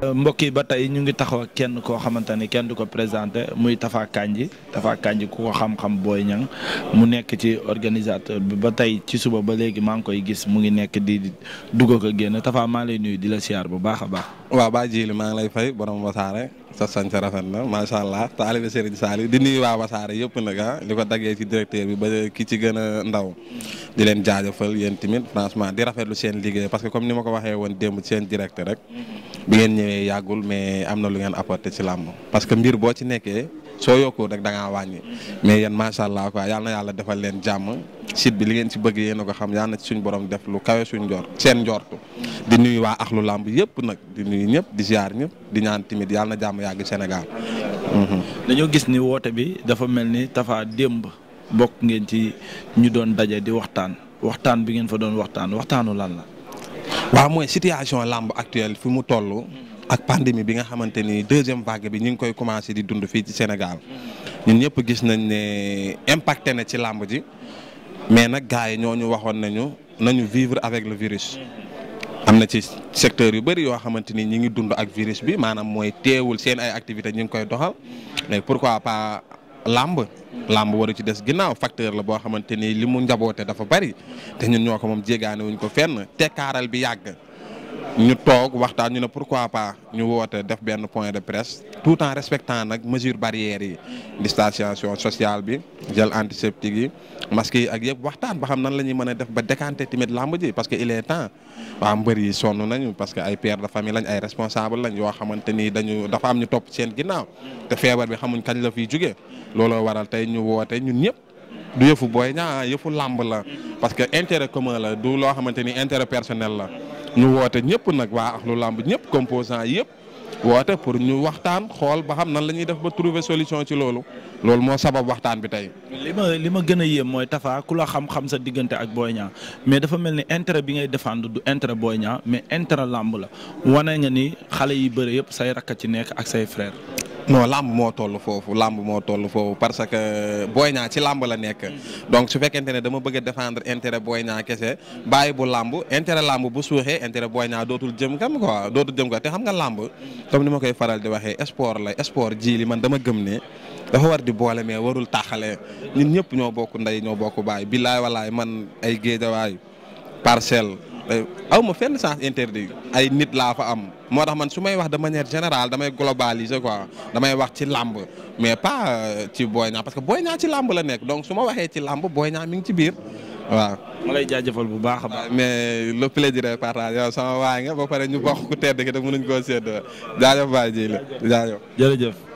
mbokk yi ba tey ñu ngi taxaw kenn koo xamante ni kenn du ko présenté muy Tafa Kandji Tafa Kandji ku ko xam-xam Boy Niang mu nekk ci organisateur bi ba tey ci suba ba léegi maa ngi koy gis mu ngi nekk di dugg a ko génn Tafa maa lay nuyu di la siyaar bu baax a baax. waa Ba Djili maa ngi lay fay borom wasaare sa sañse rafet na macha allah taalibe Serigne Saliou di nuyu waa Wassare yëpp na ah li ko daggee ci directeur bi ba ki ci gën a ndaw di leen jaajëfal yéen tamit franchement di rafetlu seen liggéey parce que comme ni ma ko waxee woon démb seen direct rek bi ñëwee yàggul mais am na lu ngeen apporté ci làmb parce que mbir boo ci nekkee soo yokkoo rek da ngaa wàññi mais yéen macha allah a yal na yàlla defal leen jàmm sit bi li ngeen ci bëgg yéen a ko xam yal na ci suñ borom def lu suñ njort seen njortu di nuyu waa axlu làmb yëpp nag di nuyu ñëpp di ziar ñëpp di ñaan timit yàlla na jàmm yàgg Sénégal. Mhm. dañoo gis ni woote bi dafa mel ni Tapha démb bokk ngeen ci ñu doon daje di waxtaan waxtaan bi ngeen fa doon waxtaan waxtaanu lan la. waa mooy situation làmb actuelle fi mu toll. ak pandémie bi nga xamante ni deuxième vague bi ñu ngi koy commencé di dund fii ci Sénégal. ñun ñëpp gis nañ ne impacté na ci làmb ji. mais nag gars yi ñooñu waxoon nañu nañu vivre avec le virus. am na ci secteur yu bëri yoo xamante ni ñi ngi dund ak virus bi maanaam mooy teewul seen ay activité ñu ngi koy doxal mais pourquoi pas làmb làmb waru ci des ginnaaw facteur la boo xamante ni li mu njaboote dafa bëri te ñun ñoo ko moom jéegaane wuñ ko fenn tekkaaral bi yàgg ñu toog waxtaan ñu ne pourquoi pas ñu woote def benn point de presse tout en respectant nag mesure barrières yi distanciation sociale bi gel antiseptique yi masque yi ak yëpp waxtaan ba xam nan la ñuy mën a def ba décanter tamit làmb ji parce que il est temps waa mbër yi sonn parce que ay père de famille lañ ay responsable lañ yoo xamante ni dañu dafa am ñu top seen ginnaaw te feebar bi xamuñ kañ la fiy jógee looloo waral tey ñu woote ñun ñëpp du yëfu booy ñaa yëfu làmb la parce que intérêt commun la du loo xamante ni intérêt personnel la ñu woote ñëpp nag waa axlu làmb ñëpp composant yëpp woote pour ñu waxtaan xool ba xam na la ñuy def ba trouver solution ci loolu loolu moo sabab waxtaan bi tey. li ma li ma gën yéem mooy tafa ku la xam-xam sa diggante ak Boy Niang mais dafa mel ni intérêt bi ngay défendre du intérêt Boy Niang mais intérêt làmb la wane nga ni xale yi bëre yëpp say rakk ci nekk ak say frère. non lamb moo toll foofu làmb moo tollu foofu parce que Boy Niang ci làmb la nekk. donc su fekkente ne dama bëgg a défendre intérêt Boy Niang kese bàyyi bu làmb intérêt lamb bu suuxee intérêt Boy Niang dootul jëm kam ko dootul jëm quoi te xam nga làmb comme ni ma koy faral di waxee sport la sport ji li man dama gëm ne. dafa war di boole mais warul taxalee ñun ñëpp ñoo bokk ndey ñoo bokk baay billaay walaay man ay géejawaay parcelle Euh, aw ma fenn sens interdit ay nit laa fa am moo tax man su may wax de manière général damay globaliser quoi damay wax ci làmb mais pas euh, ci Boy Niang parce que Boy Niang ci làmb la nekk donc su ma waxee ci làmb Boy Niang mi ngi ci biir waaw. ma lay jaajëfal bu baax a baax. Euh, mais le plaisir est partagé yow sama waay nga ba pare ñu bokk ku tedd ki te mënuñ koo sédd jaajëf baay ji la jaajëf. jërëjëf.